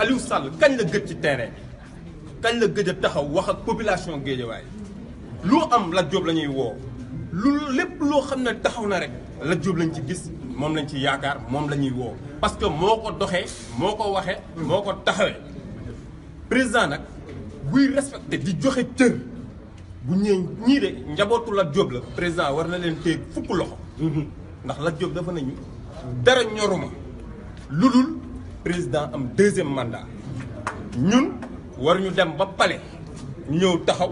Aliou Sall kañ la gëj ci terrain bi kañ la gëj a taxaw wax ak population Guédiawaye lu am la Diop la ñuy woo lu lépp loo xam ne taxaw na rek la Diop lañ ci gis moom lañ ci yaakaar moom lañuy ñuy woo parce que moo ko doxee moo ko waxee moo ko taxawe président nag buy respecté di joxe cër bu ñëwee ñii de njabootu Lat Diop la président war na leen téye fukk loxo mm-hmm. ndax la jóob dafa nañu dara ñoruma lu dul président am deuxième mandat ñun war ñu dem ba pale ñëw taxaw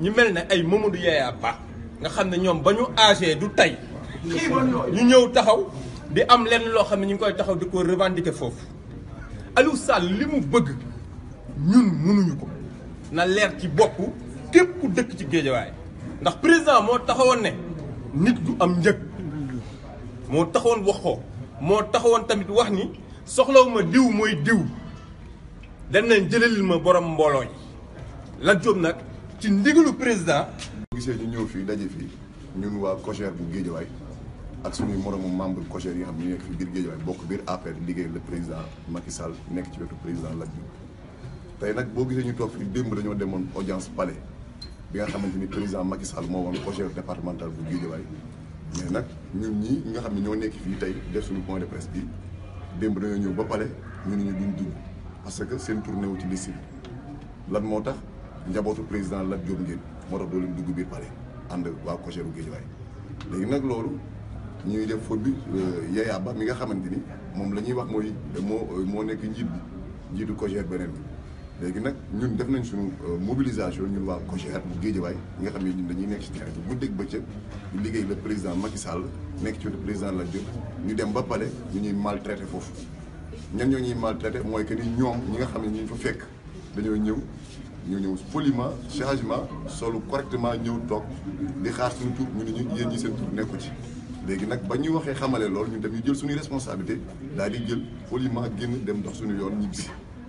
ñu mel ne ay Mamadou Yaya Ba nga xam ne ñoom ba ñu âgé du tey ñu ñëw taxaw di am lenn loo xam ne ñu ngi koy taxaw di ko revendiquer foofu Aliou Sall li mu bëgg ñun mënuñu ko na leer ci bopp képp ku dëkk ci géejawaay ndax président moo taxawoon ne nit du am njëg moo taxawoon wax ko moo taxawoon tamit wax ni soxlawuma diw mooy diw dem nañ jëlalil ma borom mbooloo yi Lat Diop nag ci ndigalu président. gisee ñu ñëw fii daje fii ñun waa COJER bu Géejawaay ak suñuy moromu membre COJER yi nga xam ne ñu nekk fi biir Géejawaay bokk biir APR liggéey le président Macky Sall nekk ci wetu président Lat Diop. tey nag boo gisee ñu toog fii démb dañoo demoon audience palais bi nga xamante ni président Macky Sall moo woon COJER départemental bu Géejawaay mais nag ñun ñi nga xam ne ñoo nekk fii tey def suñu point de presse bi. démb dañoo ñëw ba pare ñu ne ñu duñ dugg parce que seen tournée wu ci liste bi lan moo tax njabootu président Lat Diop ngeen moo tax doo leen dugg biir pare ànd waa Kocheru Guédiawaye léegi nag loolu ñuy def faute bi euh, Yaya Ba mi nga xamante ni moom la ñuy wax mooy moo moo nekk njiit bi njiitu Kocher beneen bi léegi nag ñun def nañ suñu euh, mobilisation ñun waa COJER bu Géejawaay ñi nga xam ne ñun dañuy nekk ci terrain bi guddeeg bëccëg ñu le président Macky Sall nekk président Lat Diop ñu dem ba pare ñu ñuy maltraité foofu ñan ñoo ñuy maltraité mooy que ni ñoom ñi nga xam ne ñu fa fekk dañoo ñëw ñu ñëw poliment changement solu correctement ñëw toog di xaar suñu tur ñu ne ñu yéen ñi seen tur nekku ci léegi nag ba ñu waxee xamale loolu ñu dem ñu jël suñuy responsabilité daal di jël poliment génn dem dox suñu yoon ñibbisi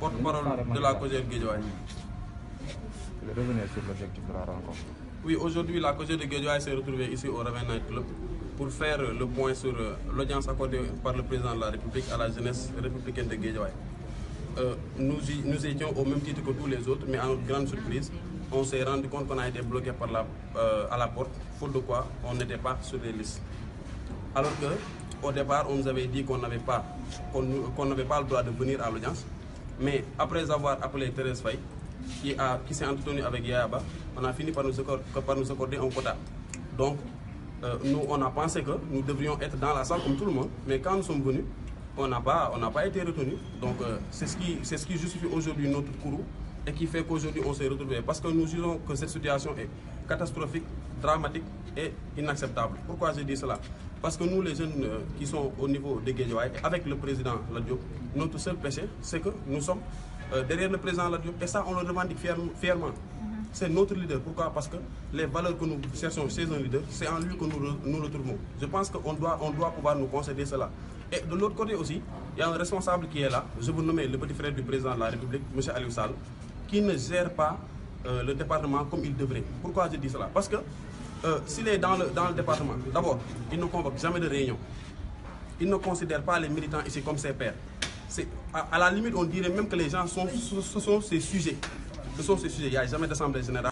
porte-parole de la Je Guédiawaye. Revenir sur l'objectif de la rencontre. Oui, aujourd'hui, la Cogé de Guédiawaye s'est retrouvée ici au Raven Club pour faire le point sur euh, l'audience accordée par le président de la République à la jeunesse républicaine de Guédiawaye. Euh, nous, nous étions au même titre que tous les autres, mais à notre grande surprise, on s'est rendu compte qu'on a été bloqué par la, euh, à la porte, faute de quoi on n'était pas sur les listes. Alors qu'au départ, on nous avait dit qu'on n'avait pas, qu'on n'avait pas le droit de venir à l'audience, mais après avoir appelé Thérèse Faye, qui, qui s'est entretenue avec Yaba, on a fini par nous, accorder, nous accorder un quota. Donc, euh, nous, on a pensé que nous devrions être dans la salle comme tout le monde, mais quand nous sommes venus, on n'a pas, été retenus. Donc, euh, c'est ce, qui, justifie aujourd'hui notre courroux et qui fait qu'aujourd'hui, on s'est retrouvés. Parce que nous disons que cette situation est catastrophique, dramatique et inacceptable. Pourquoi je dis cela parce que nous, les jeunes euh, qui sont au niveau de Guédiouaï, avec le président Ladiop, notre seul péché, c'est que nous sommes euh, derrière le président Ladiop. Et ça, on le revendique fièrement. Mhm. C'est notre leader. Pourquoi Parce que les valeurs que nous cherchons chez un leader, c'est en lui que nous, nous retrouvons. Je pense qu'on doit, on doit pouvoir nous concéder cela. Et de l'autre côté aussi, il y a un responsable qui est là, je vous nomme le petit frère du président de la République, M. Aliou Sall, qui ne gère pas euh, le département comme il devrait. Pourquoi je dis cela Parce que euh, s'il est dans le, département, d'abord, il ne convoque jamais de réunion. Il ne considère pas les militants ici comme ses pères. À, à, la limite, on dirait même que les gens sont, sont ses sujets. Ce sont ses sujets. Il n'y a jamais d'assemblée générale.